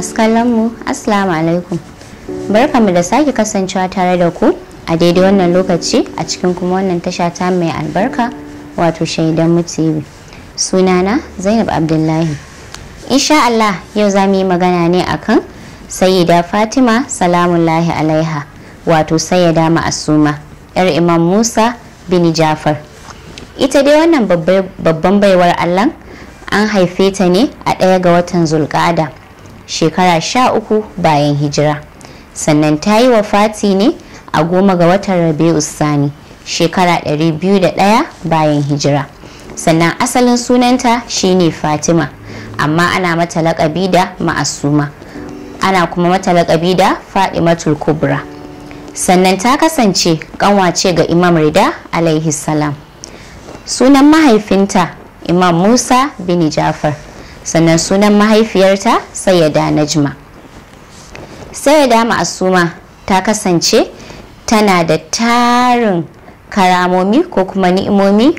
masu kallon mu assalamu alaikum barkamu da sake kasancewa tare da ku a daidai wannan lokaci a cikin kuma wannan tasha ta mai albarka wato shaidan mu tv sunana zainab abdullahi insha allah yau za mu yi magana ne akan sayyida fatima salamullahi alaiha wato sayyada ma'asuma yar imam musa bin jafar ita dai wannan babban baiwar allah an haife ta ne a ɗaya ga watan zulƙada shekara sha uku bayan hijira sannan ta yi wa Fati ne a goma ga watan rabi'u sani shekara 201 bayan hijira sannan asalin sunanta shine fatima amma ana mata laƙabi da ma'asuma ana kuma mata laƙabi da fadimatul kubra sannan ta kasance kanwace ga imam rida alaihi salam sunan mahaifinta imam musa bin jafar sannan sunan mahaifiyarta sayyada najma sayyada ma'asuma ta kasance tana da tarin karamomi ko kuma ni'imomi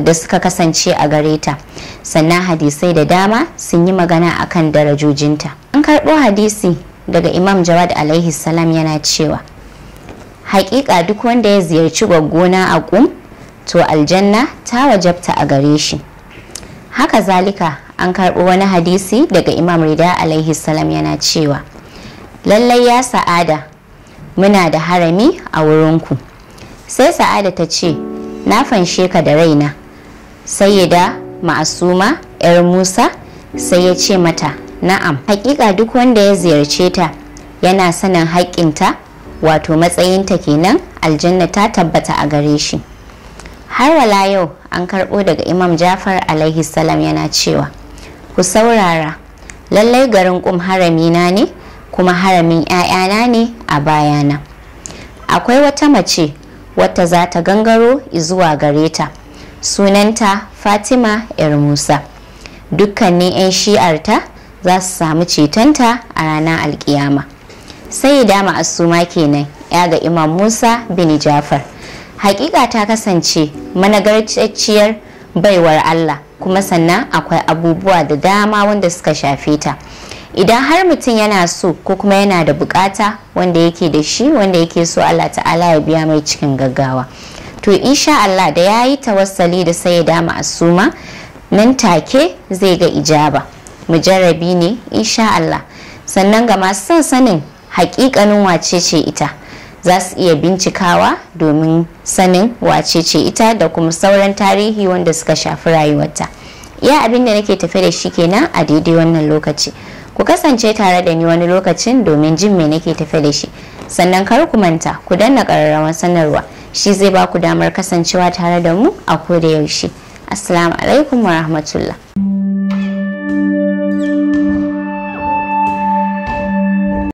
da suka kasance a gare ta sannan hadisai da dama sun yi magana a kan darajojinta an karɓo hadisi daga imam jawad alaihi salam yana cewa haƙiƙa duk wanda ya ziyarci gwaggona a kum to aljanna ta wajabta a gare shi haka zalika an karɓo wani hadisi daga imam rida alaihi salam yana cewa lallai ya sa'ada muna da harami a wurinku sai sa'ada ta ce na fanshe ka da raina sayyida ma'asuma 'yar musa sai ya ce mata na'am hakika duk wanda ya ziyarce ta yana sanin haƙƙinta wato matsayinta kenan aljanna ta tabbata a gare shi har wala yau an karɓo daga imam jafar alaihi salam yana cewa ku saurara lallai garin ƙum haramina ne kuma haramin 'ya'yana ne a bayana akwai wata mace wata za ta gangaro zuwa gare ta sunanta fatima yar musa dukkanin 'yan shi'arta za su samu cetonta a ranar alkiyama sai dama asuma kenan ya ga imam musa bin jafar hakika ta kasance managarciyar baiwar allah kuma sannan akwai abubuwa da dama wanda suka shafe ta idan har mutum yana so ko kuma yana da bukata wanda yake da shi wanda yake so Allah ta'ala ya biya mai cikin gaggawa to insha Allah da yayi tawassali da sai ya dama asuma nan take zai ga ijaba mujarrabi ne insha Allah sannan ga masu son sanin hakikanin wace ce ita za su iya bincikawa domin sanin wace ce ita da kuma sauran tarihi wanda suka shafi rayuwarta iya abin da nake tafe da shi kenan a daidai wannan lokaci ku kasance tare da ni wani lokacin domin jin me nake tafe da shi sannan kar ku manta ku danna ƙararrawar sanarwa shi zai ba ku damar kasancewa tare da mu a koda yaushe assalamu alaikum wa rahmatullah